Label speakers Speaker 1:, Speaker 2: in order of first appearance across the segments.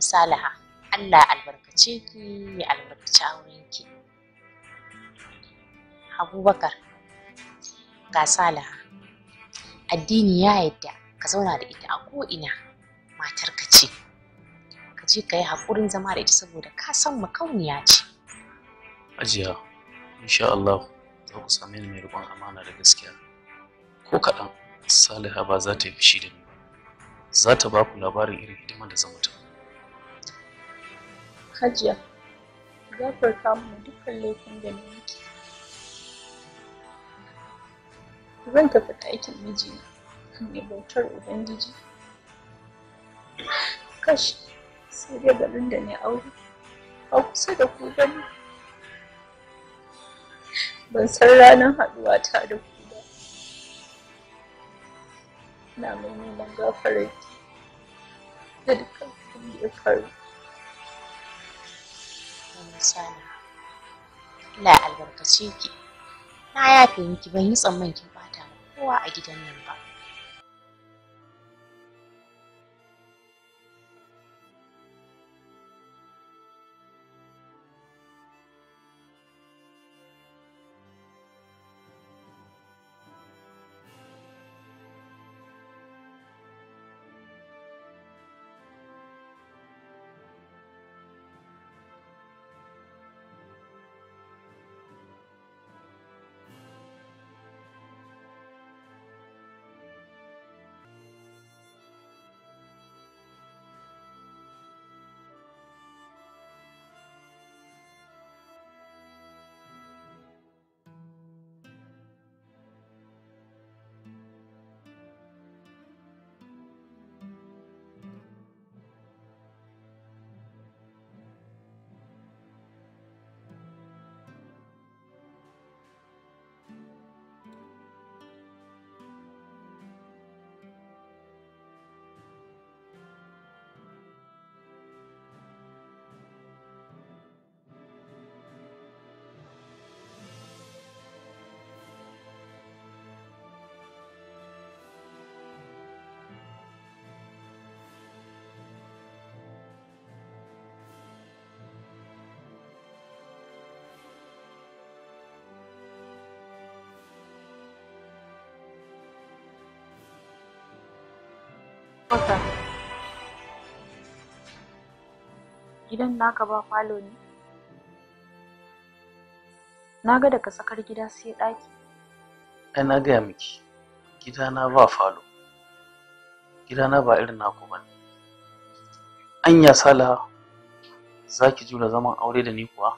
Speaker 1: Salaha, Allah ya albarkace ki ya albarkaci ki. Abubakar, ga Salaha, addini ya yadda ka zauna da ita a ko'ina matar ka ce. Ka je ka yi haƙurin zama da ita saboda ka san makauniya ce.
Speaker 2: Ajiya, insha Allah za ku same ni mai riƙon amana da gaskiya. Ko kaɗan, Salaha ba za ta yi fushi da ni ba. Za ta ba ku labarin irin hidimar da zama ta.
Speaker 1: Hajiya, ki gafarta mana dukkan laifin da na yake Zan tafi aikin mijina, mai bautar Ubangiji. Kash, sai dai garin da na aure, a kusa da ku gani. Ban san ranar haɗuwa ta da ku ba. Ina mai neman gafarar da dukkan abin da ya faru. insani Allah albarkace ki na yafe miki ban yi tsamman ki bata ba kowa a gidan nan ba kwata. Gidan naka ba falo ne? Na ga daga tsakar gida sai ɗaki.
Speaker 2: Ai na gaya miki, gidana ba falo. Gidana ba irin naku ba Anya sala za ki jura zaman aure da ni kuwa?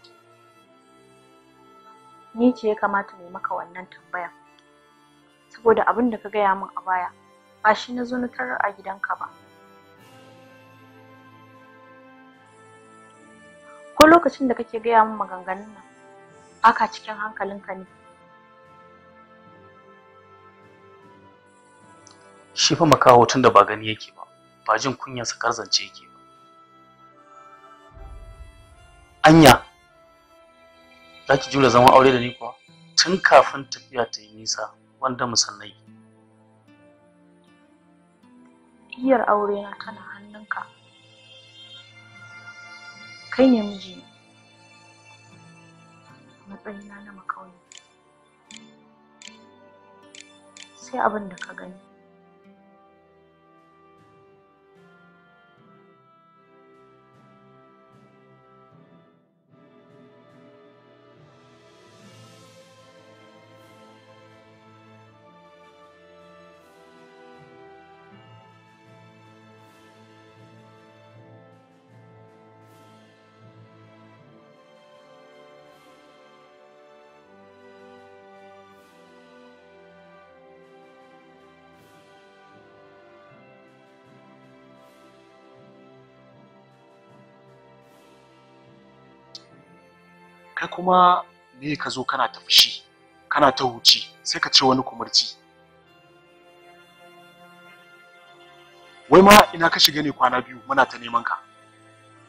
Speaker 1: Ni ce ya kamata ne maka wannan tambaya Saboda abin da ka gaya min a baya, ba shi na zo a gidanka ba ko lokacin da kake gaya min maganganun nan aka cikin hankalinka ne
Speaker 2: shi fa makaho tun da ba gani yake ba ba jin kunyarsa karzance yake ba anya za ki jure zaman aure da ni kuwa tun kafin tafiya ta yi nisa wanda musannai
Speaker 1: igiyar aurena tana hannunka kai ne miji matsayina na makauye sai abin da ka gani
Speaker 2: kuma ne ka zo kana ta fushi kana ta huci sai ka ce wani kumurci wai ma ina ka shiga ne kwana biyu muna ta neman ka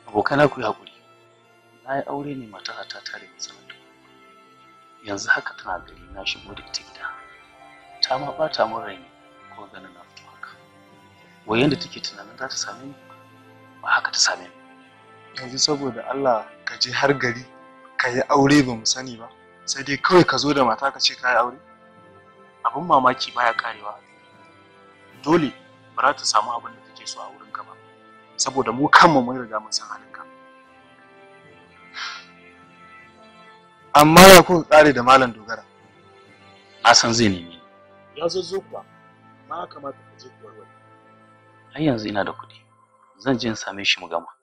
Speaker 2: abokana ku hakuri na yi aure ne mata ta tare da yanzu haka tana gari na shigo da ita gida ta ma bata mun rai ne ko ganin na fito haka wai yanda take tunanin za ta same ni ba haka ta same ni yanzu saboda Allah ka je har gari ka yi aure ba mu sani ba sai dai kawai ka zo da mata ka ce ka yi aure abin mamaki baya karewa dole ba za ta samu abin da take so a wurin ka ba saboda mu kanmu mun riga mun san halin ka amma ya ku tsare da malam dogara na san zai nemi ya zo zo kuwa ma kamata ka je kuwar wani har yanzu ina da kuɗi zan je in same shi mu gama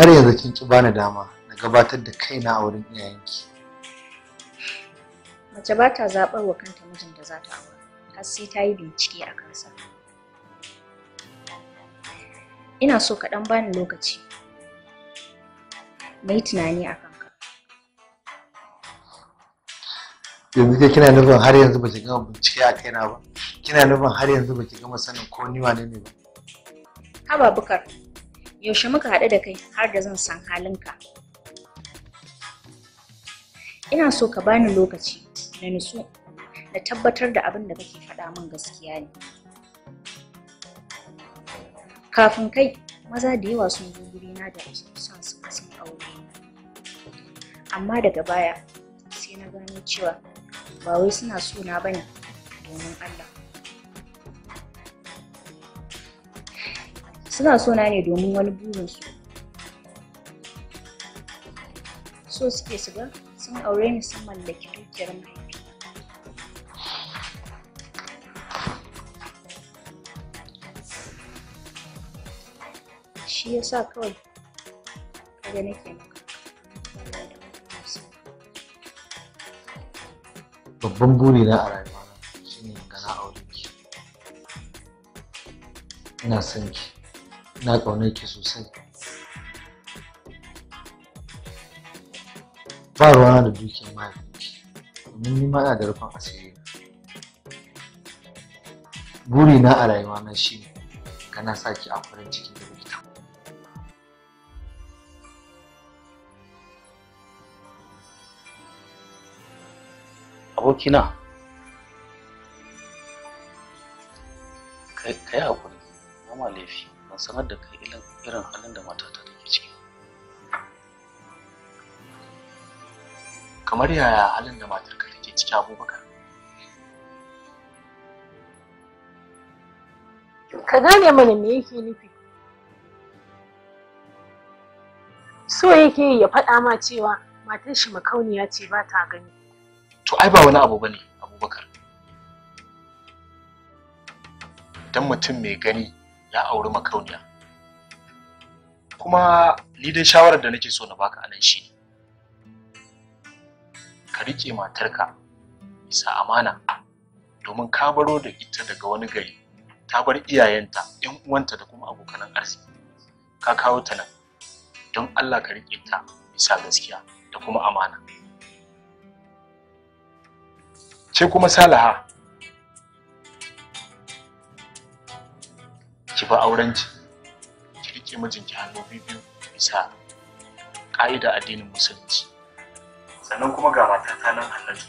Speaker 3: har yanzu kin ci bani dama na gabatar da kaina a wurin iyayenki
Speaker 1: mace ba ta zaɓar wa kanta mijin da za ta aure, har sai ta yi bincike a kansa ina so ka ɗan bani lokaci na yi tunani a kanka
Speaker 3: yanzu ke kina nufin har yanzu ba ki gama bincike a kaina ba kina nufin har yanzu ba ki gama sanin ko ni wane ne ba
Speaker 1: haba bukar yaushe muka haɗu da kai har da zan san halin ka? ina so ka bani lokaci na nisu da tabbatar da abin da kake faɗa min gaskiya ne kafin kai maza da yawa sun zo gurina da son su sun aure amma daga baya sai na gano cewa ba wai suna suna bane domin Allah suna sona ne domin wani burinsu so suke su sun aure ni sun mallaki dukiyar mahaifi shi ya sa kawai kaga
Speaker 2: nake
Speaker 3: babban burina a rayuwa
Speaker 2: shine ga na aure ki
Speaker 3: ina son ki na ƙaunar ki sosai ba ruwana da dukiyar mahaifinki domin ni ma da rufin asiri buri na a rayuwa na shi kana sa ki a farin cikin da kuke
Speaker 2: abokina kai kai hakuri ba ma laifi sanar da kai irin halin da matata take ciki kamar yaya halin da matarka take ciki abubakar
Speaker 1: ka gane mana me yake nufi so yake ya faɗa ma cewa matar shi makauniya ce ba ta gani
Speaker 2: to ai ba wani abu bane abubakar dan mutum mai gani ya auri makauniya kuma ni dai shawarar da nake so na baka anan shi ka riƙe matarka bisa amana domin ka baro da ita daga wani gari ta bar iyayenta yan uwanta da kuma abokan arziki ka kawo ta nan don allah ka riƙe ta bisa gaskiya da kuma amana ce kuma salaha ki ba aurenki ki rike mijinki hannu biyu bisa ƙa'ida addinin musulunci sannan kuma ga matata nan hannatu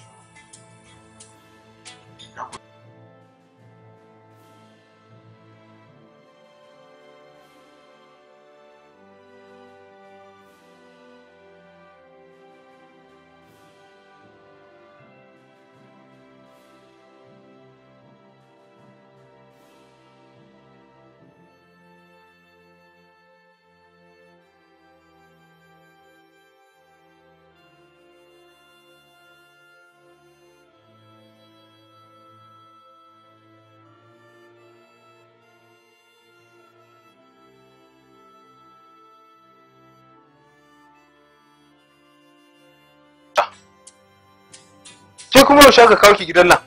Speaker 2: kai kuma yaushe aka kawo ki gidan nan?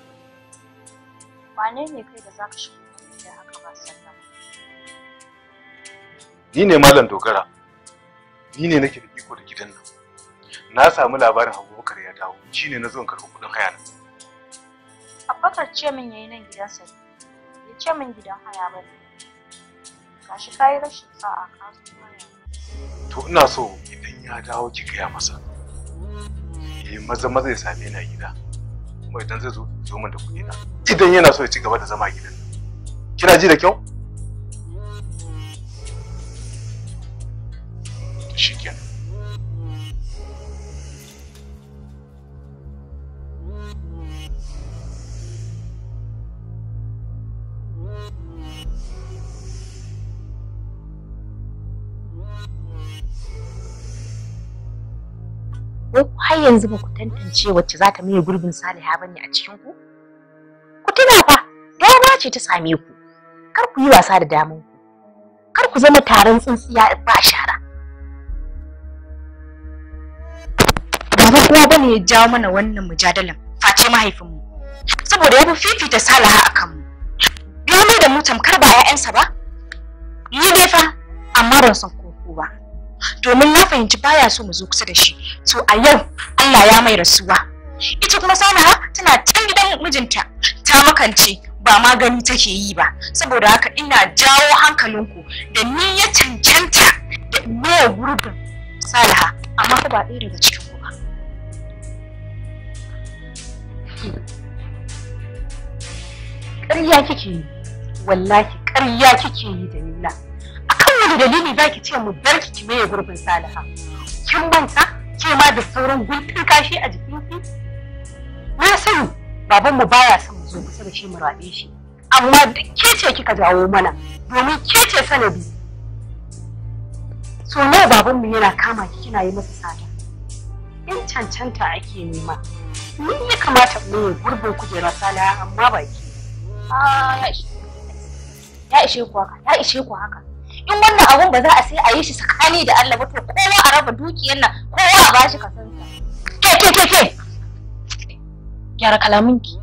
Speaker 1: Wane ne kai da zaka shiga gida haka ba sallama?
Speaker 2: Ni ne Malam Dogara. Ni ne nake da iko da gidan nan. Na samu labarin bakar ya dawo, shi ne na zo in karɓi kuɗin haya nan.
Speaker 1: Abubakar ce min yayi nan gidan sa Ya ce min gidan haya ba ne. shi kayi rashin sa'a ka zo
Speaker 2: To ina so idan ya dawo ki gaya masa. Eh maza maza ya same ni a gida. kuma idan zai zo zo min da kuɗi na idan yana so ya ci gaba da zama gidan kina ji da kyau shikenan
Speaker 1: wai har yanzu ba ku tantance wacce za ta maye gurbin saliha ba ne a cikin ku ku tuna fa dama ce ta same ku kar ku yi wasa da damun ku kar ku zama taron tsintsiya ba shara ba kuma bane ya jawo mana wannan mujadalan face mahaifinmu saboda ya fi fifita saliha a kanmu ya mai da mu kar ba 'ya'yansa ba ni dai fa amma ban san ku ba domin na fahimci baya so mu zo kusa da shi to a yau Allah ya mai rasuwa ita kuma sana'a tana can gidan mijinta ta makance ba magani take yi ba saboda haka ina jawo hankalinku da ni ya cancanta da mai gurbin salaha amma ba ɗaya daga cikin ku ba ƙarya kike yi wallahi ƙarya kike yi da nila da dalili za ki ce mu bar ki ki maye gurbin Saliha? Kin manta ke ma da sauran guntun kashi a jikin ki? Na sani babanmu baya son mu zo kusa da shi mu rabe shi. Amma duk ke ce kika jawo mana domin ke ce sanadi. So baban babanmu yana kama ki kina yi masa sada In cancanta ake nema. Ni ya kamata mu yi gurbin kujera Saliha amma ba ki. Ah, ya ishe ku haka, ya ishe ku haka. in wannan abun ba za a sai a yi shi tsakani da Allah ba to kowa a raba dukiyar nan kowa a bashi kasansa ke ke ke ke gyara ki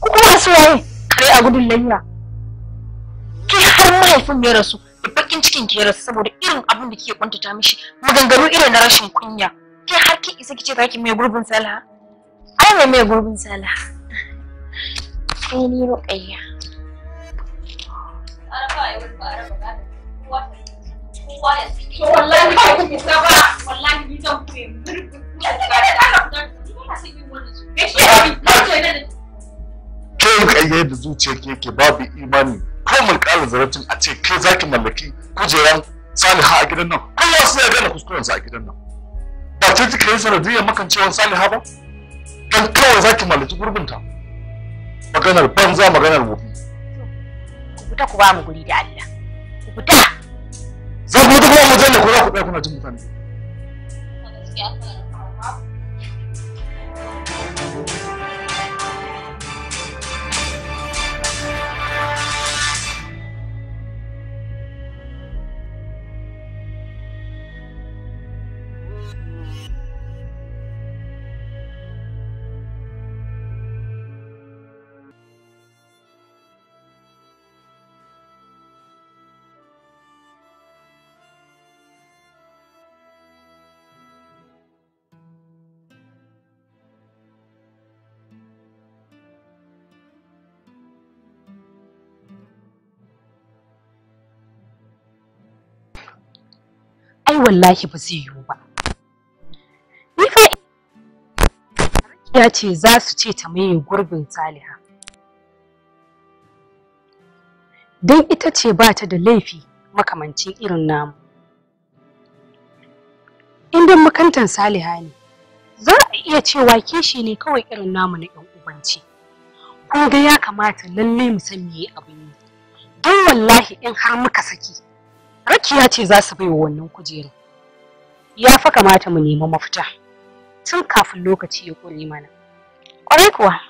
Speaker 1: ku kuma su waye kare a gudun layya ki har mahaifin ya rasu da bakin cikin ki rasu saboda irin abun da kike kuntata mishi maganganu irin na rashin kunya ke har ki isa kice zaki mai gurbin salaha ai mai mai gurbin salaha ai ni Arafa, ba kowa
Speaker 2: da zuciyar ke yake babu imani ko mun kala zaratin a ce kai zaki mallaki kujeran saliha a gidan nan kowa su ya gane kuskurensa a gidan nan ba ce kika yi sanadiyyar makancewar saliha ba dan kawai zaki
Speaker 3: mallaki gurbinta maganar banza maganar ku ku ba mu
Speaker 1: guri da Allah ku ne ko za ku tsaya kuna jin mutane wallahi ba zai yiwu ba ni fa ya ce za su ce ta maye gurbin saliha Dan ita ce ba ta da laifi makamancin irin namu indan makantan saliha ne za a iya cewa kishi ne kawai irin namu na yan ubanci kun ga ya kamata lallai mu san me abin yi don wallahi in har muka saki Rakiya ce za su baiwa wannan kujera. Ya fa kamata mu nemi mafita tun kafin lokaci ya kore mana. Ƙwarai kuwa,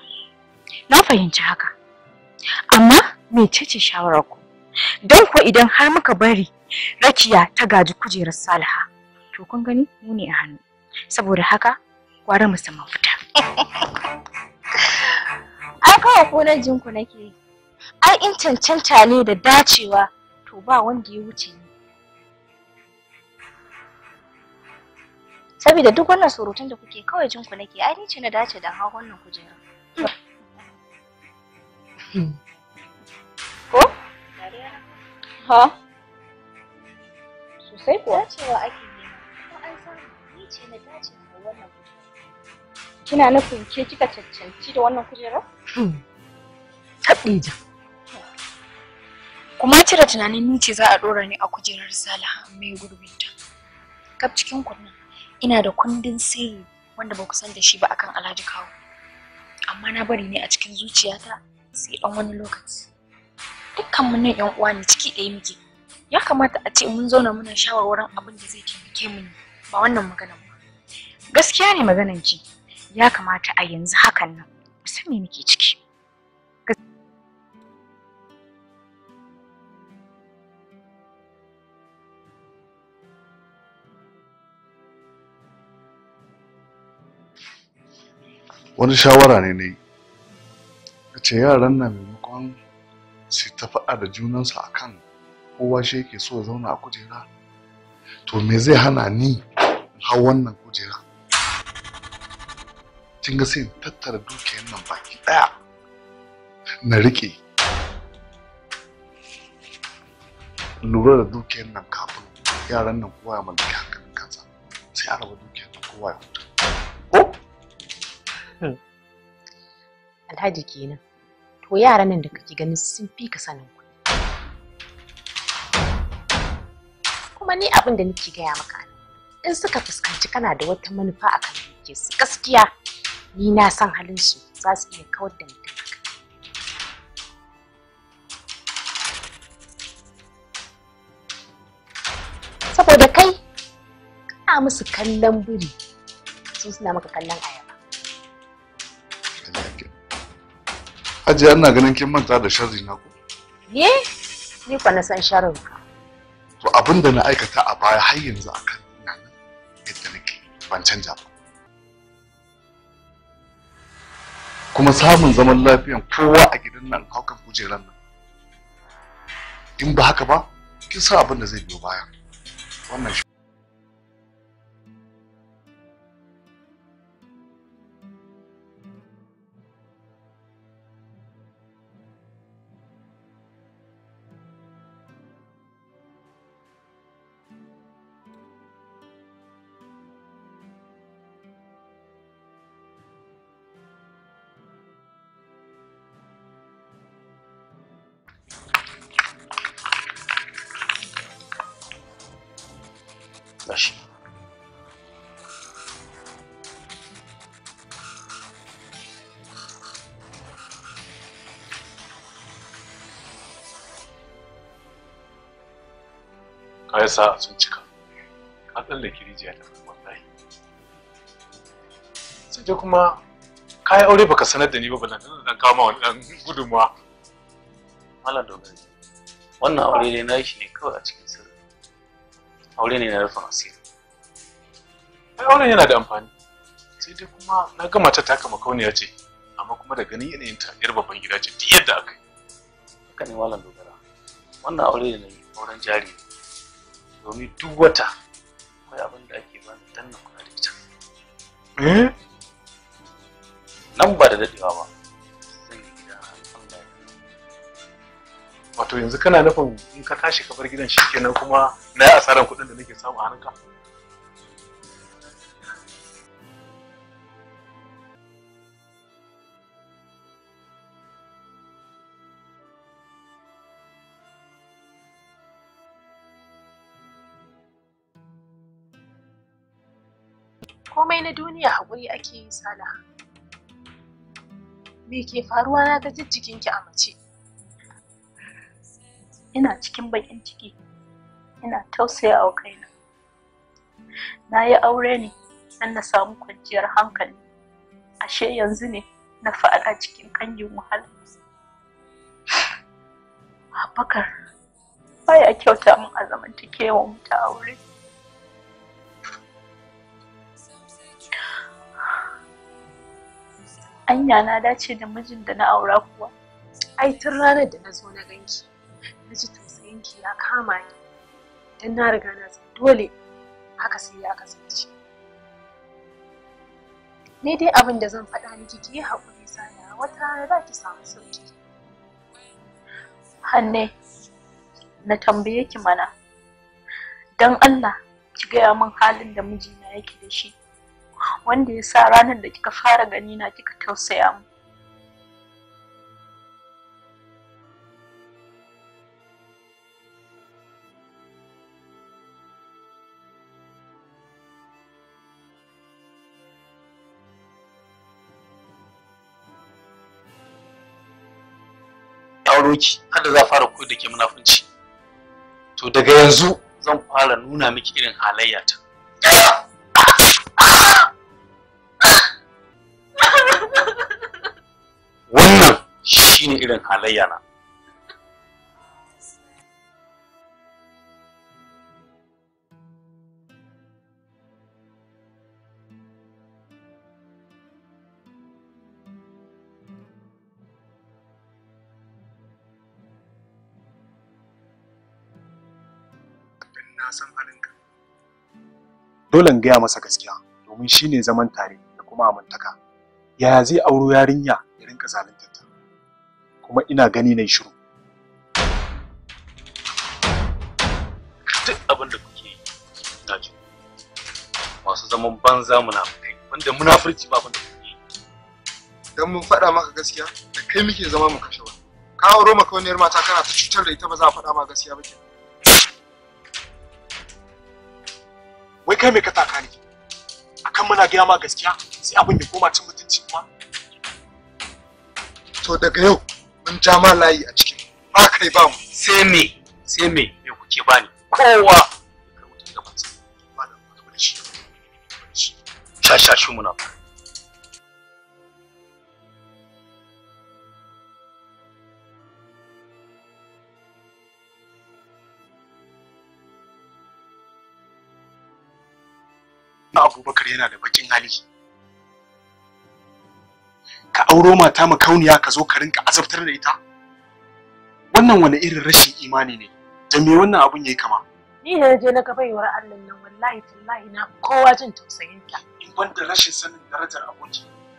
Speaker 1: na fahimci haka. Amma mecece shawararku? Don kuwa idan har muka bari Rakiya ta gaji kujerar Salaha, to kun gani mu ne a hannu. Saboda haka, gwara mu samu fita. Ai kawai ko na jinku nake Ai in cancanta ne da dacewa to ba wanda ya wuce ni. saboda duk wannan surutun da kuke kawai jinku nake ai ni ce na dace da hawa wannan kujerar ko ha sosai kuwa cewa ake ko an san ni ce na dace da wannan kina nufin ke kika cancanci da wannan kujerar hmm. Haɗija. Kuma cire tunanin ni ce za a ɗora ni a kujerar Salaha mai gurbinta. Kaf cikin kunnan. ina da kundin sirri wanda ba ku san da shi ba akan alhaji kawo amma na bari ne a cikin zuciyata sai ɗan wani lokaci dukkan mu nan yan uwa ne ciki ɗaya muke ya kamata a ce mun zauna muna shawarwarin abin da zai taimake mu ne ba wannan maganar ba gaskiya ne maganan ki ya kamata a yanzu hakan nan mu me muke ciki
Speaker 2: wani shawara ne na yi a ce yaran nan maimakon su ta faɗa da junansu a kan kowa shi yake so zauna a kujera to me zai hana ni hau wannan kujera kin ga sai tattara dukiyar nan baki ɗaya
Speaker 3: na riƙe lura da dukiyar nan kafin yaran nan kowa ya mallaki hankalin kansa sai a raba dukiyar nan kowa ya
Speaker 1: Alhaji kenan. To yaran nan da kake ganin sun fi ka sanin ku. Kuma ni abin da nake gaya maka in suka fuskanci kana da wata manufa a kan ke su gaskiya ni na san halin su za su iya kawar da mutum Saboda kai kana musu kallon biri su suna maka kallon aya.
Speaker 2: Hajiya ina ganin kin manta da sharri na ku.
Speaker 1: Ye? Ni kwa na san sharrin ka.
Speaker 2: To abin da na aikata a baya har yanzu akan ina nan yadda nake ban canja ba. Kuma samun zaman lafiyan kowa a gidan nan haukan kujeran nan. In ba haka ba, kin san abin da zai biyo baya. Wannan shi sa sun cika an da kirijiya da wallahi sai dai kuma kai aure baka sanar da ni ba balan da dan kama wani dan gudunmawa malam dogari wannan aure ne na shi ne kawai a cikin sirri aure ne na rufin asiri kai aure yana da amfani sai dai kuma na gama ta taka makauniya ce amma kuma da ganin yanayin ta yar babban gida ce duk yadda aka yi haka ne malam dogara wannan aure ne na auren jari ne domin duk wata akwai abin da ake bani da na kula da ita eh? nan ba da dadewa ba wato yanzu kana nufin in ka tashi ka bar gidan kenan kuma na yi asarar kuɗin da nake samu a hannunka
Speaker 1: komai na duniya a guri ake yi sala me ke faruwa na ga jijjiginki a mace ina cikin bakin ciki ina tausaya wa kaina na yi aure ne don na samu kwanciyar hankali ashe yanzu ne na faɗa cikin kangin wahala Abubakar baya kyauta min a zamantakewa mu ta aure. anya na dace da mijin da na aura kuwa ai tun ranar da na zo na ganki na ji tausayinki ya kama ni don na riga na san dole haka sai ya kasance ni dai abin da zan faɗa miki ki yi haƙuri sana wata rana za ki samu sauki hanne na tambaye ki mana don allah ki gaya min halin da mijina yake da shi wanda ya sa ranar da kika fara gani na kika tausaya mu
Speaker 2: auro hada za fara koyar da ke munafunci to daga yanzu zan fara nuna miki irin halayyata wannan shine irin halayya na dole in gaya masa gaskiya domin shi ne zaman tare da kuma amintaka yaya zai auro yarinya ya rinka zalunta ta kuma ina gani na shiru duk abin da kuke yi na ji masu zaman banza kai wanda munafurci ba da kuke yi dan mun faɗa maka gaskiya da kai muke zama mu kashe wani ka auro maka wani mata kana ta cutar da ita ba za a faɗa maka gaskiya ba ke wai kai me ka taka ni akan muna gaya ma gaskiya sai abin ya koma cin to daga yau mun ja ma layi a cikin ba kai ba mu sai me sai me me kuke bani kowa shashashu muna abubakar yana da bakin hali ka auro mata makauniya ka zo ka rinka azabtar da ita wannan wani irin rashin imani ne da me wannan abun yayi kama
Speaker 1: ni da je na ka baiwar Allah nan wallahi tallahi na kowa
Speaker 2: jin tausayin ta in banda rashin sanin darajar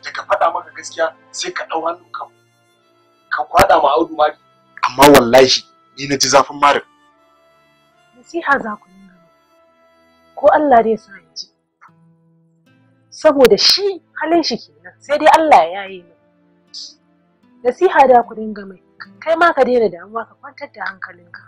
Speaker 2: da ka faɗa maka gaskiya sai ka ɗau hannu ka ka kwada ma audu amma wallahi ni na ji zafin marin
Speaker 1: nasiha za ku yi ko Allah dai sa ji saboda shi halin shi kenan sai dai Allah ya yi nasiha da ku dinga mai kai ma ka daina damuwa ka kwantar da hankalinka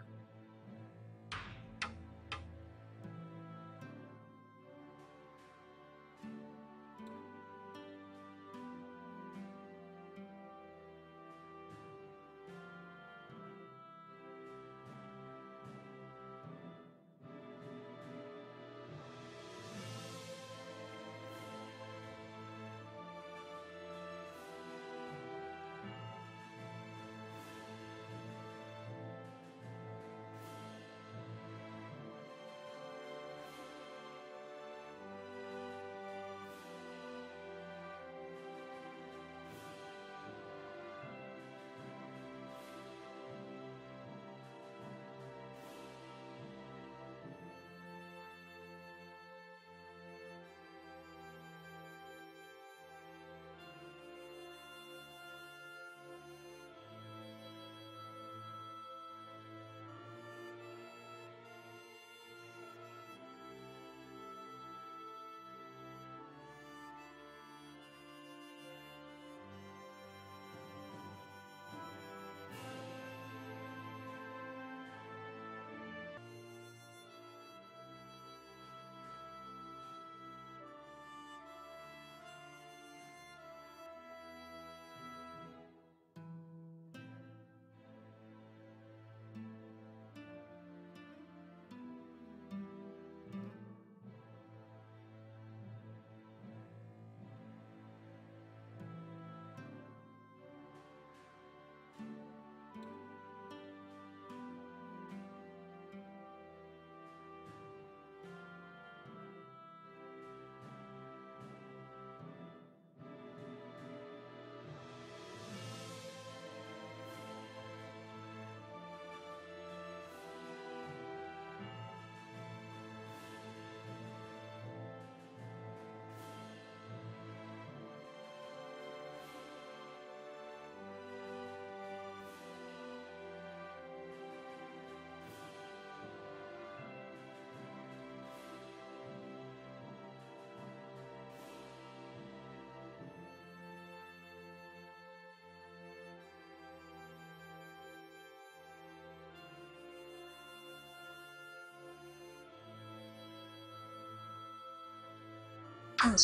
Speaker 2: Ah,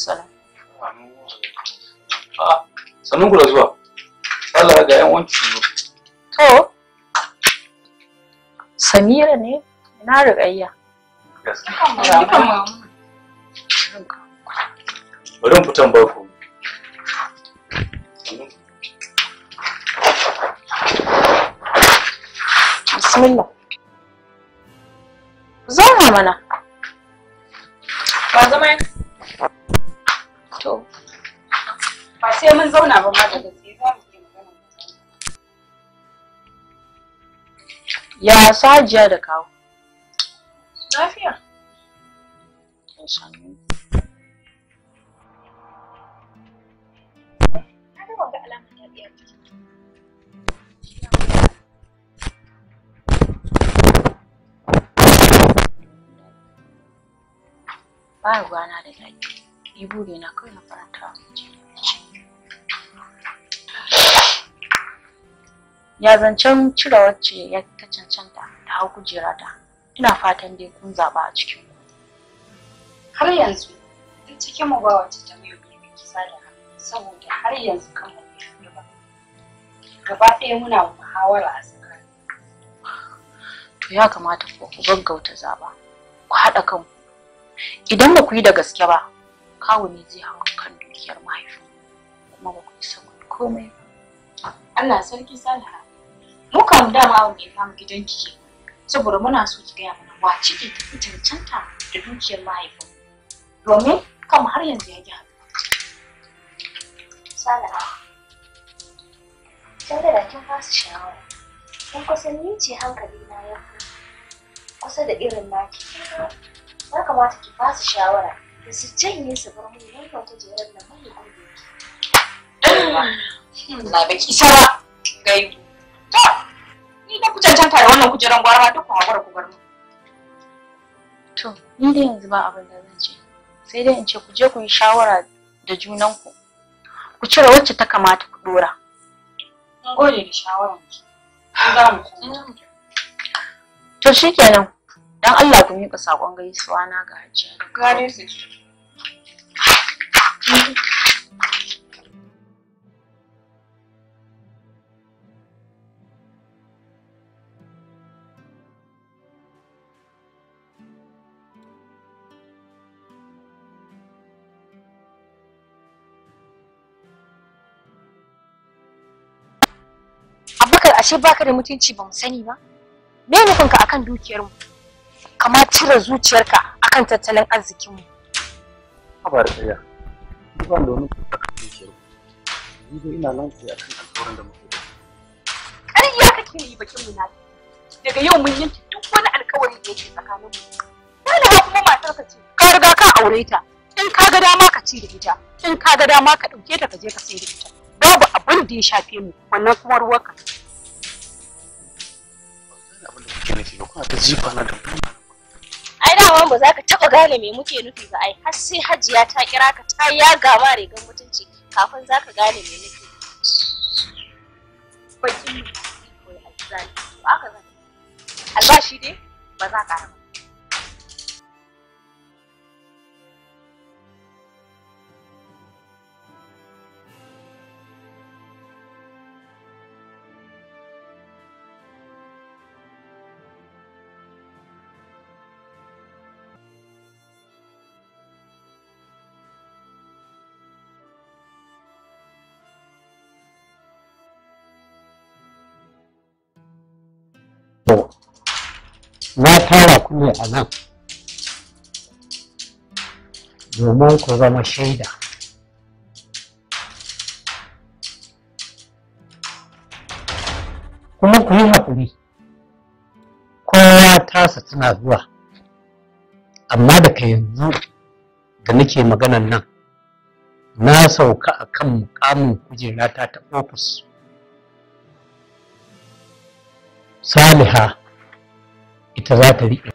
Speaker 2: ah, Sannan ku zuwa. Allah ga yan wanki su
Speaker 1: To. Samira ne na riƙayya.
Speaker 2: Bari mu fitan ba ku.
Speaker 1: Bismillah. Zauna mana. Ba zama yanzu To. Ba sai mun zauna ba ma da gaske za mu yi magana. Ya sajiya da kawo. Lafiya. Ba ruwana da zaki. ni buri na kawai na faranta ya zancen cire wacce ya ta cancanta ta hau kujera ta ina fatan dai kun zaɓa a cikin ku har yanzu duk cikin mu ba wacce ta biyo biyu kisa da saboda har yanzu kan mu bai ba gaba ɗaya muna muhawara a tsakanin to ya kamata ku gaggauta zaɓa ku haɗa kanku idan ba ku yi da gaske ba kawo ne zai hawa kan dukiyar mahaifi kuma ba ku isa ku komai Allah sarki salaha mu kam dama abin ya famu gidan kike saboda muna so ki gaya mana wa ciki ta fi cancanta da dukiyar mahaifi domin kama har yanzu ya gyara salaha can da kin fasa shawara kun kusan ni ce hankali na ya kusa da irin naki ya kamata ki fasa shawara su janye su bar mun yanka da mun gobe na baki to ni da ku cancanta da wannan gwara mu ni yanzu ba da zan sai dai in ce ku je ku shawara da junanku ku cire wacce ta kamata ku dora gode da shawaran to dan Allah ku miƙa saƙon gaisuwa na ga Hajiya gare Abubakar ashe baka da mutunci ba mu sani ba. Me nufinka akan dukiyar mu? kama cire zuciyarka akan tattalin arzikinmu.
Speaker 2: Habar tsaya, ni ban da wani kuɗa zuciyar ni dai ina nan sai akan alƙawarin da muke da.
Speaker 1: Ƙarya kake yi bakin mu na daga yau mun yanke duk wani alƙawari da yake tsakanin mu. Dalewa kuma matar ka ce ka riga ka aure ta in ka ga dama ka ci da ita in ka ga dama ka ɗauke ta ka je ka sai da ita babu abin da ya shafe mu wannan kuma ruwanka.
Speaker 2: Abin da kuke nufi ba kuna ta jifa na da
Speaker 1: daman ba za ka taba gane me muke nufi ba ai har sai hajiya ta kira ka ta yaga gama rigar mutunci kafin za ka gane me nufi bakin mu albashi dai ba za ka ba.
Speaker 3: ne a nan domin ku zama shaida kuma ku yi haƙuri kowa tasa tana zuwa amma daga yanzu da nake maganan nan na sauka a kan mukamin kujerata ta ofis saliha ita za ta riƙe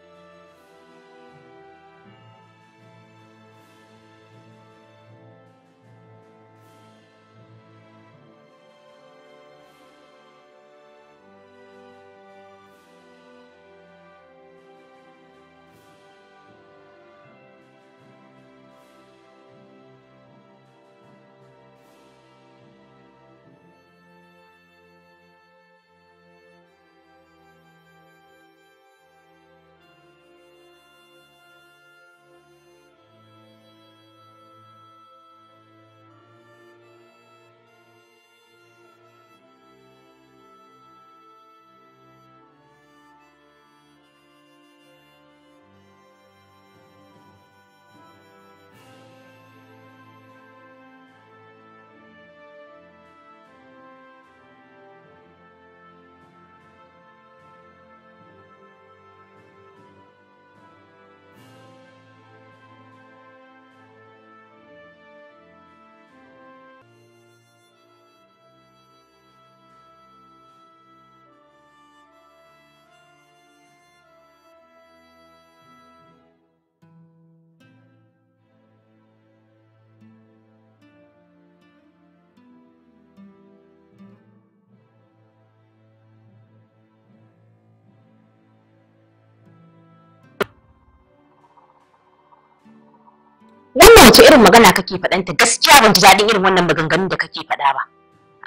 Speaker 1: wannan wace irin magana kake faɗanta gaskiya ban ji daɗin irin wannan maganganun da kake faɗa ba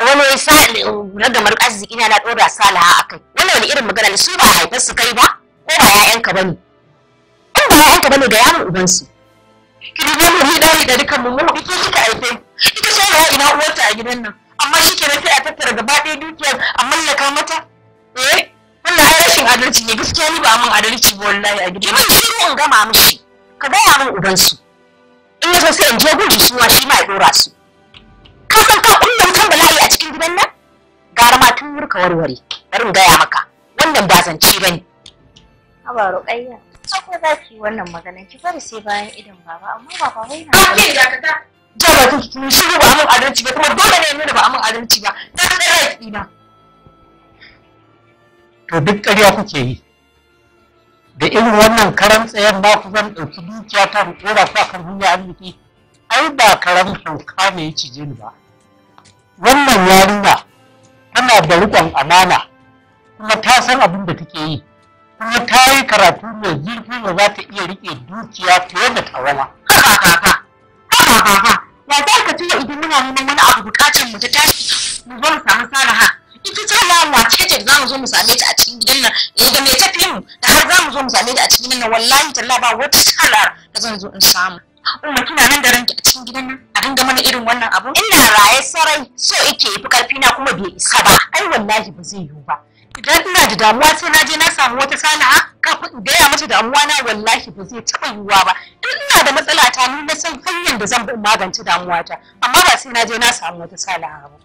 Speaker 1: wani ya sa ragamar arziki na ɗora salaha a kai wannan wani irin magana ne su ba haifar su kai ba ko ba 'ya'yanka ba ne in ba 'ya'yanka ba ne da yaron ubansu ki dubo mu ni dai da dukan mu mu shi kika aife ita ce ya ina uwarta a gidan nan amma shi ke sai a tattara gaba ɗaya dukiyar a mallaka mata eh wannan ai rashin adalci ne gaskiya ni ba mun adalci ba wallahi a gidan ki mun in gama mishi ka gaya min ubansu in ya sai in je gun shi shi ma shi ma ya dora su ka san ka kullum kan bala'i a cikin gidan nan gara ma tun wurka warware bari in gaya maka wannan ba zance bane haba ruqayya ko za ki wannan magana ki bari sai bayan idan baba amma baba wai na ke da ka da jaba ki ki shiru ba mun adalci ba kuma dole ne nuna ba mun adalci ba ta tsaya ki na
Speaker 3: to duk ƙarya kuke yi da irin wannan karan tsayen ba ku zan ɗauki dukiya ta ɗora ku akan hanyar arziki ai ba karan sauka ne ya cije ni ba wannan yarinya tana da riƙon amana kuma ta san abin da take yi kuma ta yi karatu mai zurfi da za ta iya riƙe dukiya fiye da tawala.
Speaker 1: Ya za ka tuya idan muna neman wani abu bukacin mu ta tashi mu zo mu samu salaha. ita ta lalace ce da mu zo mu same ta a cikin gidan nan eh da me tafi mu da har za mu zo mu same ta a cikin gidan nan wallahi talla ba wata salar da zan zo in samu
Speaker 3: umma kina nan da ranki a cikin gidan nan
Speaker 1: a dinga mana irin wannan abu ina raye sarai so yake fi karfi na kuma bai isa ba ai wallahi ba zai yiwu ba idan ina da damuwa sai na je na samu wata Ka kafin in gaya mata damuwa na wallahi ba zai taɓa yiwuwa ba in ina da matsala ta ni na san hanyar da zan bi magance damuwa ta amma ba sai na je na samu wata sana'a ba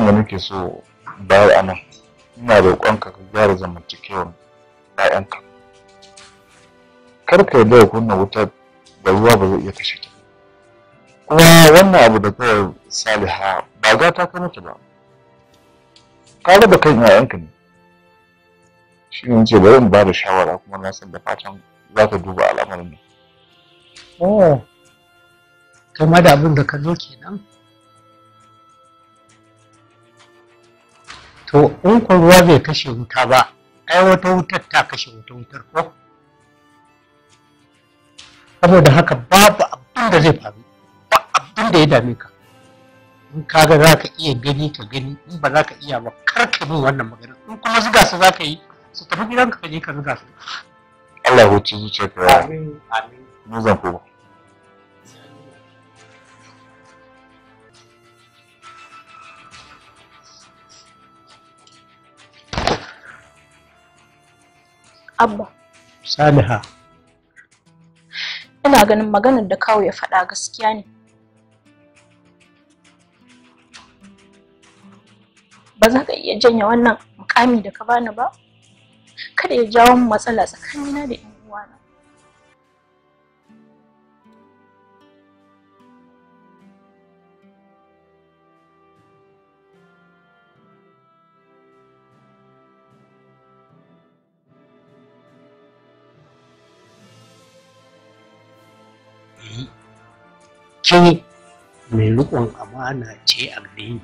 Speaker 3: da nake so bayar a nan ina roƙon ka gyara zamantakewar ‘ya'yanka kar ka yi ya kunna wutar da ruwa ba zai iya kashe ta kuma wannan abu da kawai saliha ba ta ka ta ba ka raba kan ‘ya'yanka ne shi ne ce bari in ba da shawara kuma na san da fatan za ka duba al'amarin ne. Oh, kama da abin da ka zo kenan. to in ku ruwa bai kashe wuta ba ai wata wutar ta kashe wata wutar ko saboda haka babu abin da zai faru ba abin da ya dame ka in ka ga za ka iya gani ka gani in ba za ka iya ba kar ka bi wannan magana in kuma zuga su za ka yi su tafi gidanka ka je ka zuga su Allah huci ka amin amin mun zan koma Abba. Saliha.
Speaker 1: Ina ganin maganar da kawo ya faɗa gaskiya ne. Ba za ka iya janya wannan mukami da ka bani ba? Kada ya jawo matsala tsakanina da
Speaker 3: ke mai riƙon amana ce a gare ni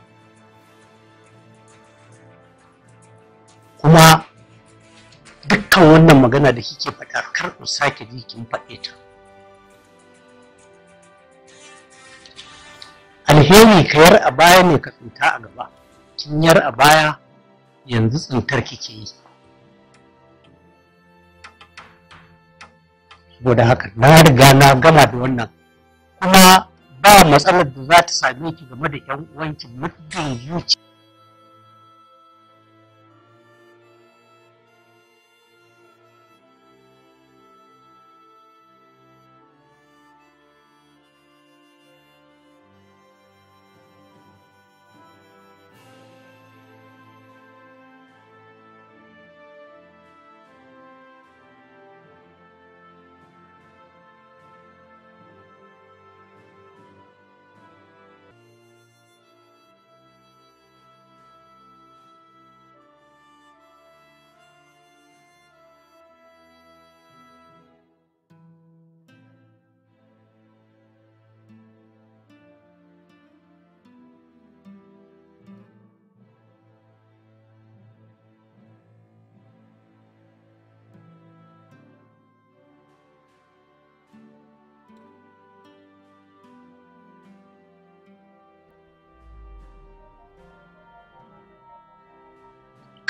Speaker 3: kuma dukkan wannan magana da kike faɗa kar ku sake ji kin faɗe ta alheri ka yar a baya ne ka tsinta a gaba kin yar a baya yanzu tsintar kike yi saboda haka na riga na gama da wannan kuma ba matsalar da za ta same ki game da yan uwanki muddin zuciya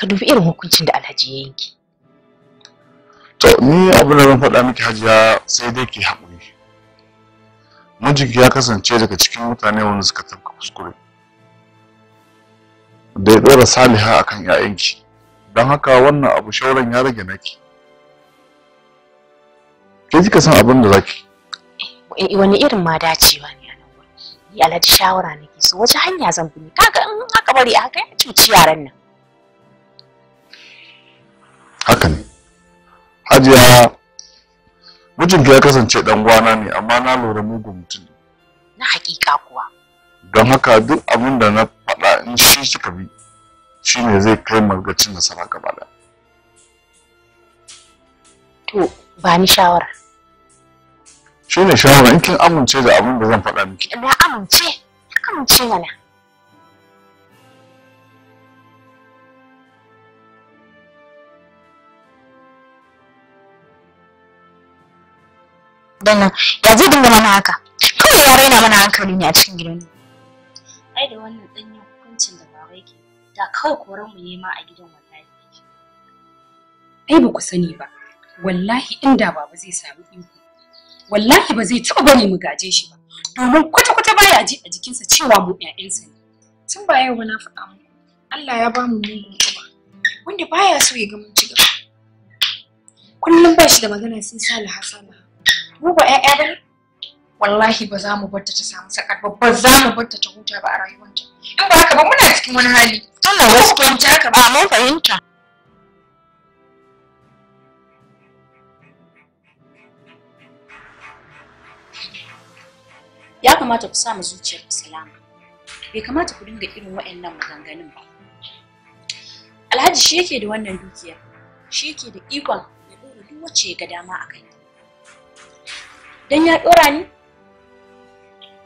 Speaker 1: ka dubi irin hukuncin da alhaji ya yanki
Speaker 2: to ni abin da zan faɗa miki hajiya sai dai ki haƙuri mijinki ya kasance daga cikin mutane wanda suka tafka kuskure da ya ɗora saliha akan 'ya'yanki
Speaker 3: don haka wannan abu shauran ya rage naki ke ka san abin da zaki
Speaker 1: eh, wani irin ma dacewa ne a nan Ni alhaji shawara nake so wace hanya zan bi kaga in aka bari a haka ya cuci yaran nan
Speaker 3: hajiya mijinka ya kasance dan gwana ne amma na lura mugun mutum
Speaker 1: na hakika kuwa
Speaker 3: don haka duk abin da na faɗa in shi kika bi shine zai kai margacin nasara gaba da
Speaker 1: to ba ni shawara
Speaker 3: shine shawara in kin amince da abin da zan faɗa miki
Speaker 1: na amince amince mana gidan ya zai dinga mana haka kawai ya raina mana hankali ne a cikin gidan nan ai da wannan danyen hukuncin da baba yake da kawai koran mu ne ma a gidan wallahi ai ba ku sani ba wallahi inda baba zai samu iko wallahi ba zai taɓa bari mu gaje shi ba domin kwata-kwata baya ji a jikinsa cewa mu ƴaƴansa ne tun ba yau ba na faɗa mu Allah ya ba mu mugun kuma wanda baya so ya ga mun ci gaba kullum ba shi da magana sai Sale Hassan mu ba ƴaƴa bane wallahi ba za mu barta ta samu sakar ba ba za mu barta ta
Speaker 2: huta ba a rayuwarta
Speaker 1: in ba haka ba muna cikin wani hali Allah haka ba mun fahimta ya kamata ku sa mu zuciyar ku salama bai kamata ku dinga irin waɗannan maganganun ba alhaji shi yake da wannan dukiya shi yake da ikon ya ɗora duk wacce ya ga dama a kai don ya ɗora ni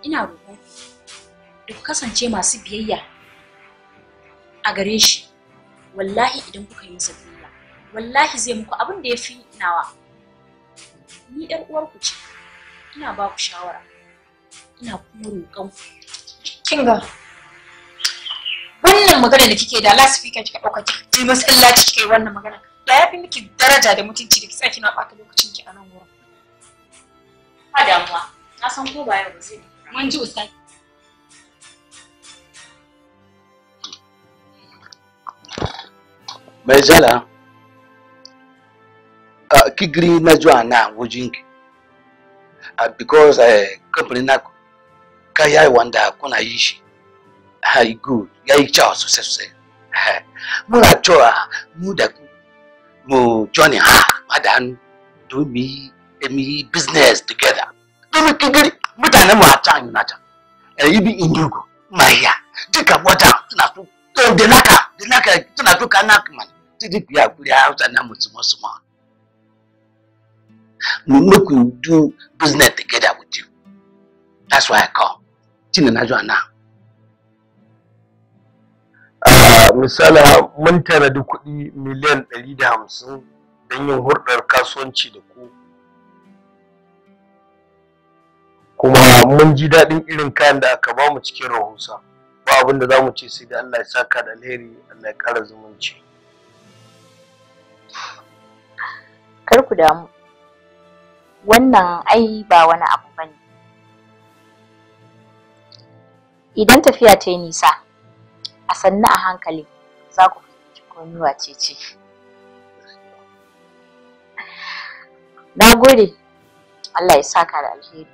Speaker 1: ina roƙon da ku kasance masu biyayya a gare shi wallahi idan kuka yi masa biyayya wallahi zai muku abin da ya fi nawa ni ɗan ku ce ina ba ku shawara ina kuma roƙon ku kinga wannan magana da kike da lasifika kika dauka ki masallaci kike wannan magana da ya fi miki daraja da mutunci da kisa kina ɓata lokacin ki a nan wurin ba damuwa na san ko ba yau zai mun ji ustaz
Speaker 2: mai zala uh, kigiri na zuwa eh, na wujinki uh, because uh, company na ka yayi wanda kuna yi shi ha uh, good yayi kyau sosai sosai muna mu ha da mu yi business together domin ka gari mutanen mu a can na can ibi indigo mahiya duka wata suna su da naka da naka suna su ka naka man tidi biya kuri a hausa na mutum suma ma make we do business together with you that's why i come tunda na zuwa na ah, misala mun tanadi kuɗi
Speaker 3: miliyan ɗari da hamsin don yin hurɗar kasuwanci da ku kuma mun
Speaker 2: ji daɗin irin kayan da aka bamu cikin rahusa ba abin da za mu ce sai da Allah ya saka da alheri Allah ya ƙara zumunci
Speaker 1: kar ku damu wannan ai ba wani abu ba ne idan tafiya ta yi nisa a sannu a hankali za ku fahimci komi wace ce na gode Allah ya saka da alheri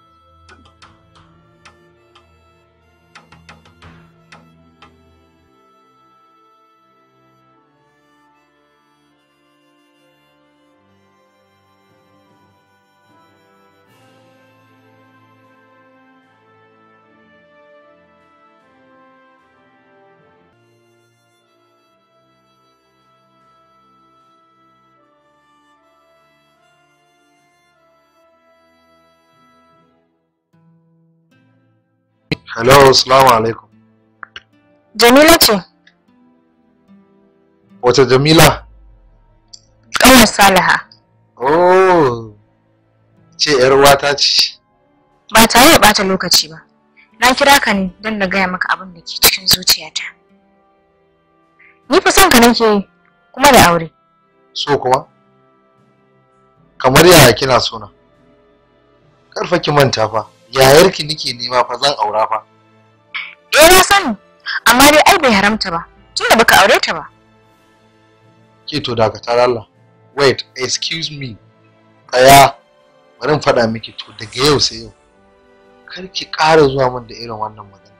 Speaker 3: hello salamu alaikum
Speaker 1: jamila ce
Speaker 3: wace jamila
Speaker 1: ƙaunar salaha
Speaker 3: oh ce yar wata ce
Speaker 1: ba tare da bata lokaci ba na kira ka ne don na gaya maka abin da ke cikin zuciyata
Speaker 3: ni fa son ka nake kuma da aure so kuma kamar yaya kina sona karfa ki manta fa yayarki nake nema fa zan aura fa
Speaker 1: eh na sani amma dai ai bai haramta ba
Speaker 3: tunda baka aure ta ba ke to dakatar Allah wait excuse me Aya, bari faɗa miki to daga yau sai yau kar ki ƙara zuwa min da irin wannan magana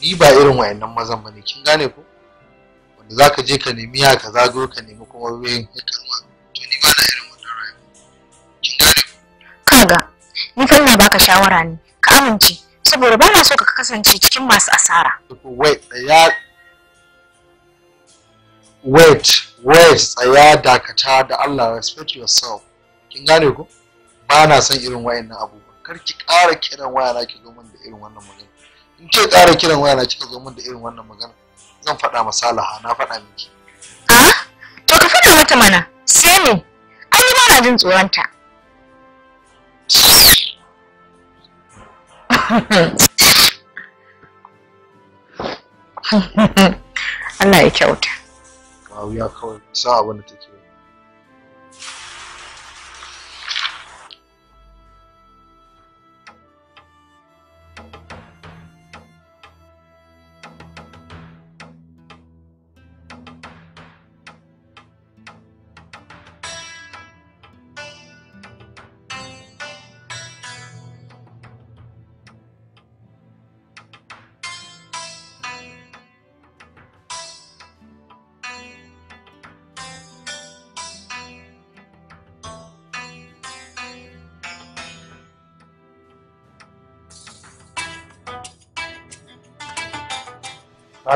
Speaker 3: ni ba irin wayannan mazan bane kin gane ko wanda zaka je ka nemi ya ka zago ka nemi kuma wayoyin hikarwa to ni ba na irin wannan
Speaker 1: rayuwa kin gane ko kaga ni fa ina baka shawara ne ka amince
Speaker 3: saboda ba na so ka kasance cikin masu asara. Wait, Wait, tsaya dakata da Allah respect yourself. Kin gane ku? Ba na son irin wayannan abubuwa. Kar ki ƙara kiran waya na ki zo min da irin wannan magana. In ke ƙara kiran wayana kika zo min da irin wannan magana, zan faɗa ha na faɗa miki.
Speaker 1: Ah, to ka faɗa mata mana. Sai me? Ai ba na jin tsoronta. I like it.
Speaker 2: Wow, we are coming. So I want to take you.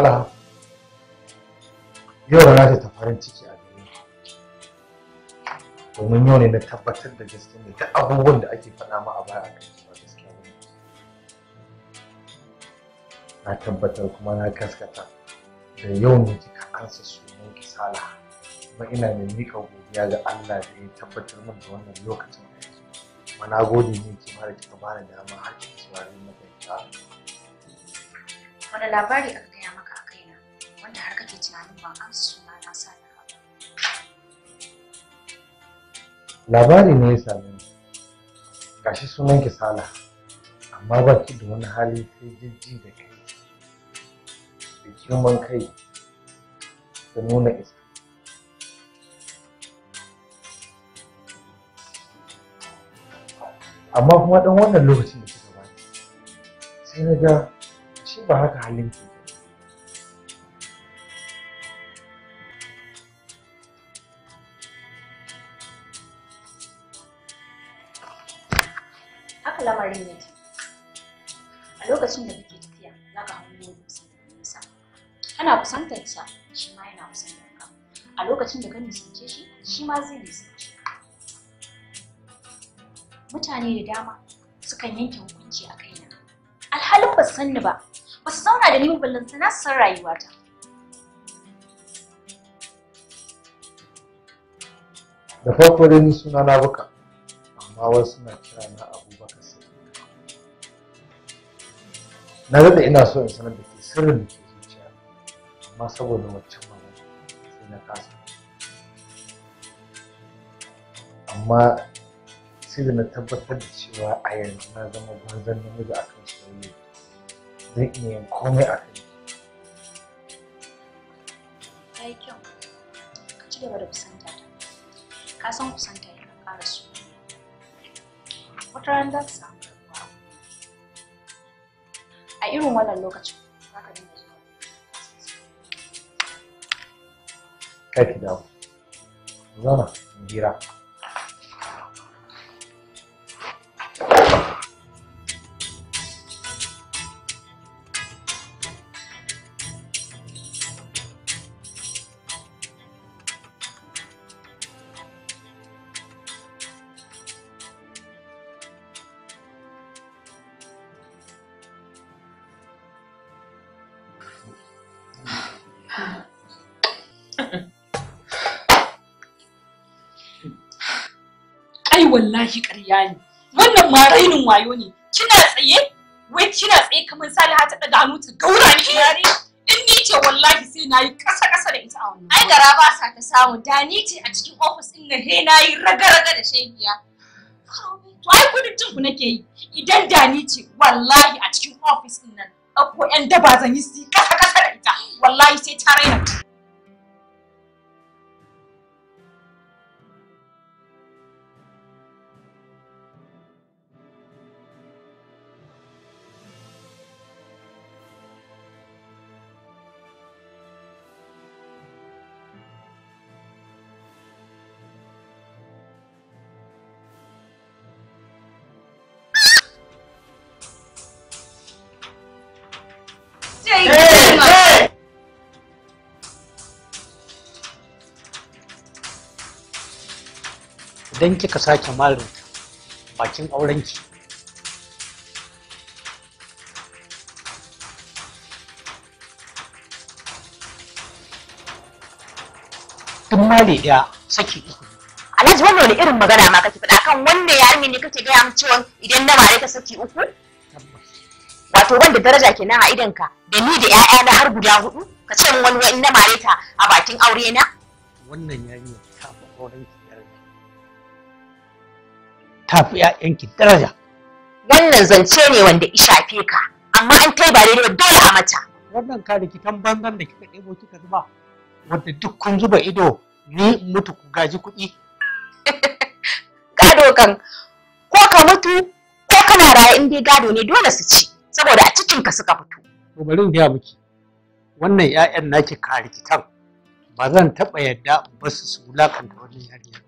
Speaker 3: Alha, yau rana ce ta farin ciki a gare Domin yau ne na tabbatar da gaske ne ta abubuwan da ake faɗa ma a baya akan cewa gaskiya ne. Na tabbatar kuma na gaskata da yau ne kika ansa sunan ki sala Kuma ina mai mika godiya ga Allah da ya tabbatar min da wannan lokacin. Kuma na gode ne kima da kika bani dama har kika saurari maka ita. Wani labari aka labari ne ya same gashi sunan ki sala amma ba ki da wani hali sai jijji da kai da man kai da nuna isa amma kuma dan wannan lokacin da kika bani sai na ga shi ba haka halin ki
Speaker 1: lamarin yake a lokacin da kake tafiya za ka hango dutse da nisa kana kusantar sa shi ma yana kusantar ka a lokacin da ka nisance shi shi ma zai nisance mutane da dama sukan yanke hukunci a kaina alhalin ba su san ni ba ba su zauna da ni ballanta na san rayuwata
Speaker 3: da farko dai ni suna na buka amma
Speaker 2: wasu na kira na abu
Speaker 3: na daɗa ina so in sanar da ke sirrin da ke zuciya amma saboda wancan magana sai na kasa amma sai da na tabbatar da cewa a yanzu na zama gwarzon namiji a kan soyayya zan iya yin komai a kan
Speaker 1: ta yi kyau ka ci gaba da kusanta ta ka san kusanta yana ƙara soyayya wata ran za ka samu a irin wannan lokacin zaka dinga zuwa
Speaker 3: kai ki dawo zauna jira
Speaker 1: wallahi ƙarya ne wannan ma rainin wayo ne kina tsaye wai kina tsaye kamar saliha ta daga hannu ta gaura ni ne? in ni ce wallahi sai na yi kasa ƙasa da ita a wannan ai gara ba sa ta samu da ni ce a cikin ofis ɗin na he na yi raga raga da shehiya to ai kudin cin ku nake yi idan da ni ce wallahi a cikin ofis ɗin nan ɗauko 'yan daba zan yi ƙasa ƙasa da ita wallahi sai ta raina
Speaker 3: idan kika sake malin bakin aurenki Tun mali ɗaya saki uku
Speaker 1: alhaji wannan wani irin magana ma kake faɗa kan wanda yarinya ne kake gaya min cewa idan na mare ka saki uku wato wanda daraja kenan a ka da ni da 'ya'ya na har guda hudu ka ce min wani na mare ta a bakin aure na
Speaker 3: wannan yarinya ta aurenki tafi 'ya'yanki daraja wannan zance ne wanda shafe ka amma an kai ba daidai dole a mata wannan ka rikitan banzan da kika ɗebo kika zuba wanda duk kun zuba ido ni mutu ku gaji kuɗi
Speaker 1: gado kan ko ka mutu ko kana raye in dai gado ne dole su ci
Speaker 3: saboda a cikin ka suka fito to bari in gaya miki wannan 'ya'yan naki ka rikitan ba zan taɓa yadda ba su su wulakanta wannan yarinya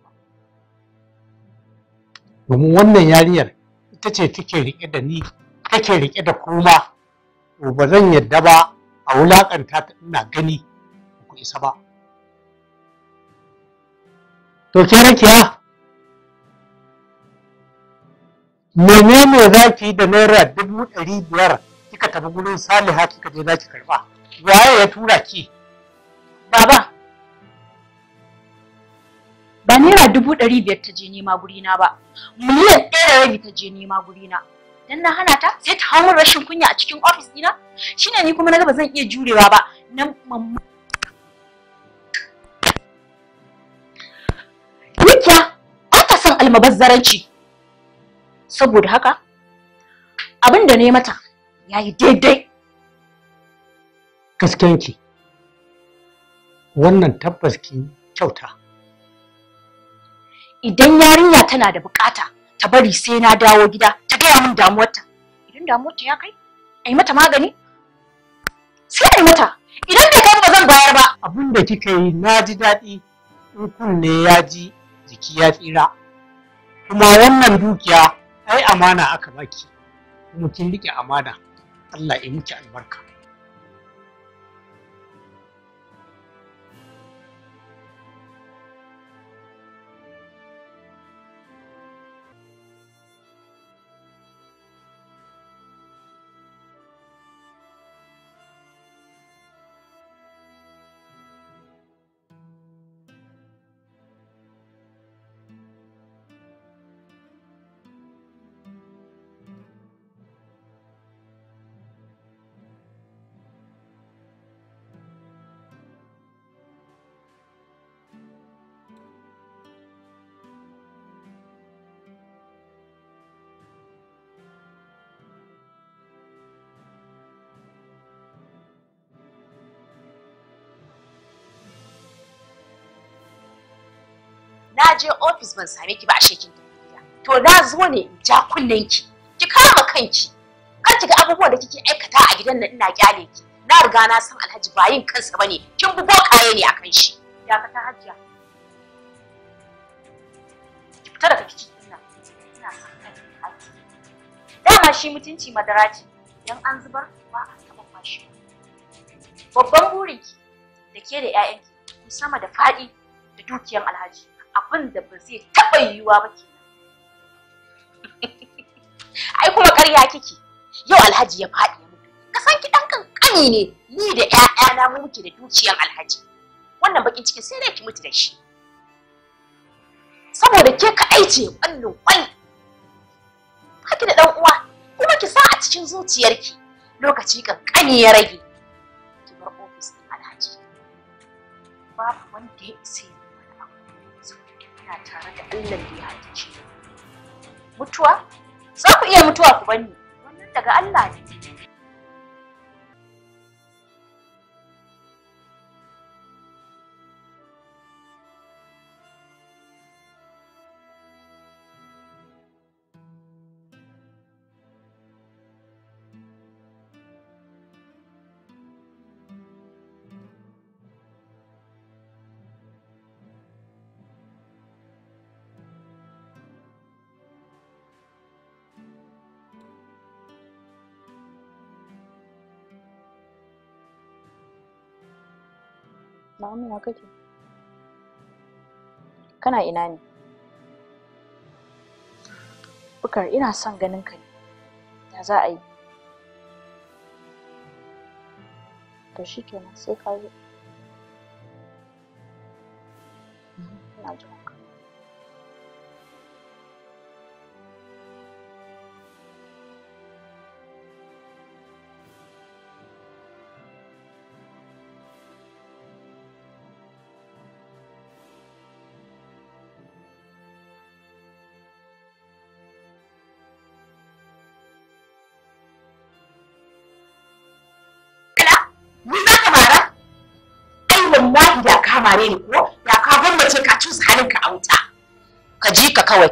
Speaker 3: domin wannan yarinyar ita ce take rike da ni take rike da kuma to ba zan yadda ba a wulakanta ta ina gani ku isa ba to ke rakiya menene za ki yi da naira dubu ɗari biyar kika tafi gurin saliha kika je za ki karɓa waye ya tura ki baba ba naira dubu ɗari biyar ta je
Speaker 1: nema gurina ba miliyan ɗaya da rabi ta je nema gurina dan na hana ta sai ta hau rashin kunya a cikin ofis ɗina shine ni kuma na ga ba zan iya jurewa ba nan mamma Dukiya aka san almabazzaranci saboda haka abin da ne mata
Speaker 3: yayi daidai gaskiyanki wannan tabbas ki kyauta idan
Speaker 1: yarinya tana da bukata ta bari sai na dawo gida ta gaya min damuwarta idan damuwarta ya kai a mata magani sai a mata idan bai kai ba zan bayar ba
Speaker 3: abin da kika yi na ji daɗi in kunne ya ji jiki ya tsira kuma wannan dukiya ai amana aka baki kuma kin riƙe amana Allah ya miki albarka
Speaker 1: na je ofis ban same ki ba a shekin tafiya to na zo ne ja kunnen ki ki kama kanki kar ki ga abubuwan da kike aikata a gidan nan ina kyale ki na riga na san Alhaji ba yin kansa bane kin bu bokaye ne akan shi ya ka ta hajiya ki fita daga kici ina ina dama shi mutunci madara ce dan an zubar ba a taba kwashi babban burin ki da ke da 'ya'yanki sama da faɗi da dukiyan alhaji abin da ba zai taɓa yiwuwa ba ke ai kuma ƙarya kike yau alhaji ya faɗi ya mutu ka san ki ɗan kankani ne ni da ƴaƴana mu muke da dukiyar alhaji wannan bakin cikin sai dai ki mutu da shi saboda ke kaɗai ce ƙwallon ƙwal haki da ɗan uwa kuma ki sa a cikin zuciyarki lokaci kankani ya rage ki bar ofis ɗin alhaji babu wanda ya isa ina tare da Allah da ya halicce mutuwa za ku iya mutuwa ku bani wannan daga Allah ne Na'am ya kake? Kana ina ne? Bukar ina son ganin ka ne. Ya za a yi? To shikenan sai ka zo. wallahi da ka mare ni ko ya ka mace ka cus halinka a wuta ka ji ka kawai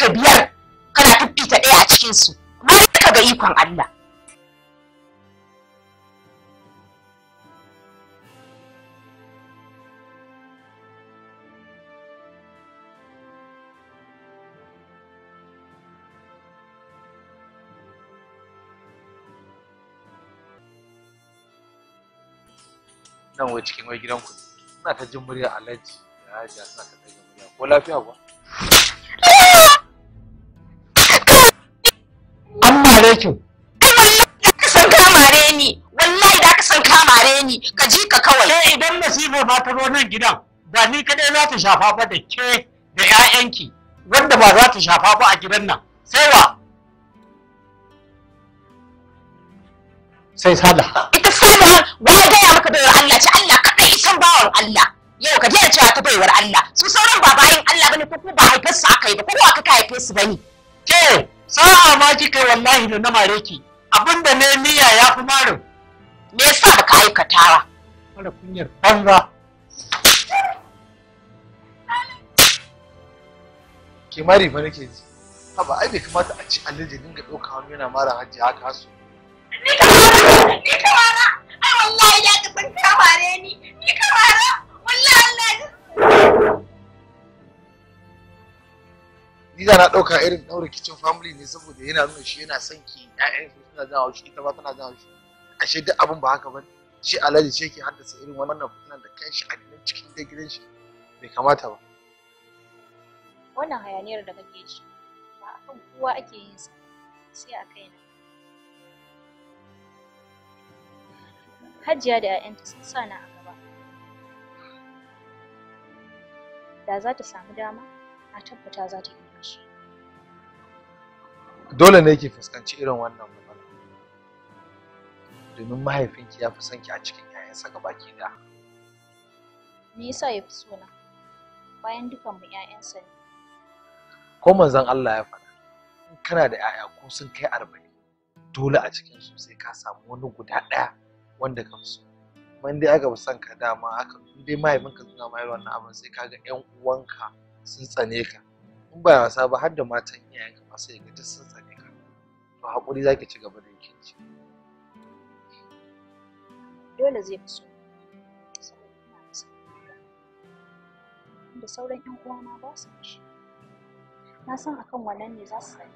Speaker 1: ka biyar kana ta ɗaya a cikinsu ma ka ga ikon Allah
Speaker 2: nan wai cikin wai gidan ku ina ta jin murya alhaji
Speaker 3: da hajiya suna ta daga murya ko lafiya kuwa an mare ki
Speaker 1: san ka mare ni wallahi da ka san ka mare ni ka ji ka kawai sai idan nasiba
Speaker 3: ba ta zo nan gidan ba ni kadai za ta shafa ba da ke da 'ya'yanki wanda ba za ta shafa ba a gidan nan sai wa
Speaker 1: sai sada. ita salaha wai gaya maka bayar Allah ce Allah kaɗai san bawar Allah yau ka daina cewa ta baiwar Allah su sauran ba bayin Allah bane ko ku ba haifar su akai ba ko ku
Speaker 3: aka haife su bane ke sa'a ma kika wallahi da na mare ki abinda ne niyya ya fi marin me yasa baka aikata ba mara kunyar banza ke mari fa nake ji haba ai bai kamata a ci alaji dinga ɗauka hannu yana mara hajji haka su Ni ka wara, ai wallahi da ka san ka ni. Ni ka
Speaker 2: wara, wallahi Allah ji. Ni da na ɗauka irin ɗaure kicin family ne saboda yana nuna shi yana son ki ƴaƴan shi suna jin haushi ita ba tana jin haushi. Ashe duk abin ba haka ba shi alhaji shi yake haddasa irin wannan fitinan da kanshi
Speaker 3: a gidan cikin gidan shi bai kamata ba.
Speaker 1: Wannan hayaniyar da kake ji ba akan kowa ake yin sa sai a kaina. Hajiya da 'ya'yanta sun sa ni a gaba. Da za ta samu dama, a tabbata za ta iya
Speaker 2: shi. Dole ne ki fuskanci irin wannan matsala. Domin mahaifinki ya fi son a cikin 'ya'yansa baki ɗaya.
Speaker 1: Me yasa ya fi sona? Bayan dukan mu 'ya'yansa ne.
Speaker 2: Ko manzon Allah ya faɗa, in kana da 'ya'ya ko sun kai arba'in, dole a cikinsu sai ka samu wani guda ɗaya wanda ka fi so kuma dai aka ba son ka dama aka in dai mahaifinka suna ma irin wannan abin sai ka ga ƴan uwanka sun tsane ka in ba wasa ba har da matan iyayenka ba sai ga duk sun tsane ka to haƙuri zaki ci gaba da yake ci
Speaker 1: dole zai fi so da sauran 'yan uwana ba su shi na san akan wannan ne za su sani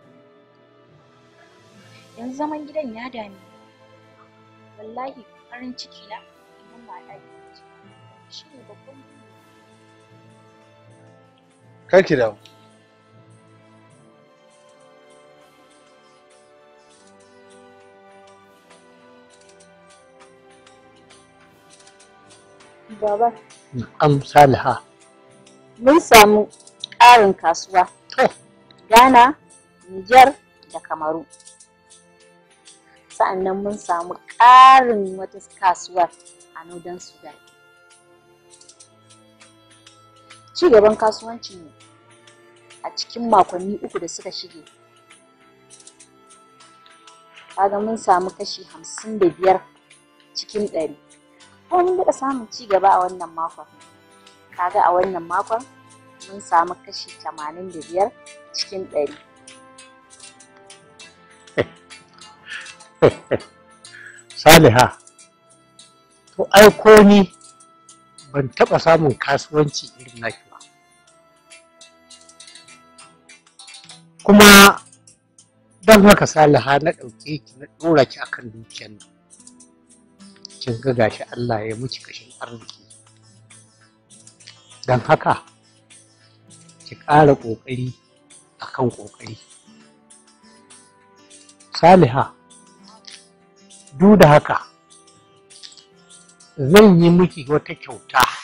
Speaker 1: yanzu zaman gidan ya dame wallahi farin ciki na idan ba a ɗaki shi ne babban kar ki damu Baba.
Speaker 3: Am Saliha.
Speaker 1: Mun samu ƙarin kasuwa. Ghana, Nijar da Kamaru. sa'annan mun samu ƙarin wata kasuwar a Nodan Sudan. Ci gaban kasuwancin a cikin makonni uku da suka shige. Kaga mun samu kashi hamsin da biyar cikin ɗari. Ko mun daɗa samun ci gaba a wannan makon. Kaga a wannan makon mun samu kashi tamanin da biyar cikin ɗari.
Speaker 3: saliha to ai ko ni ban taɓa samun kasuwanci irin naki ba kuma don haka saliha na ɗauke ki na ɗora ki akan dukiyar nan kin ga gashi Allah ya miki kashin arziki don haka ki ƙara ƙoƙari akan ƙoƙari saliha duk da haka zan yi miki wata kyauta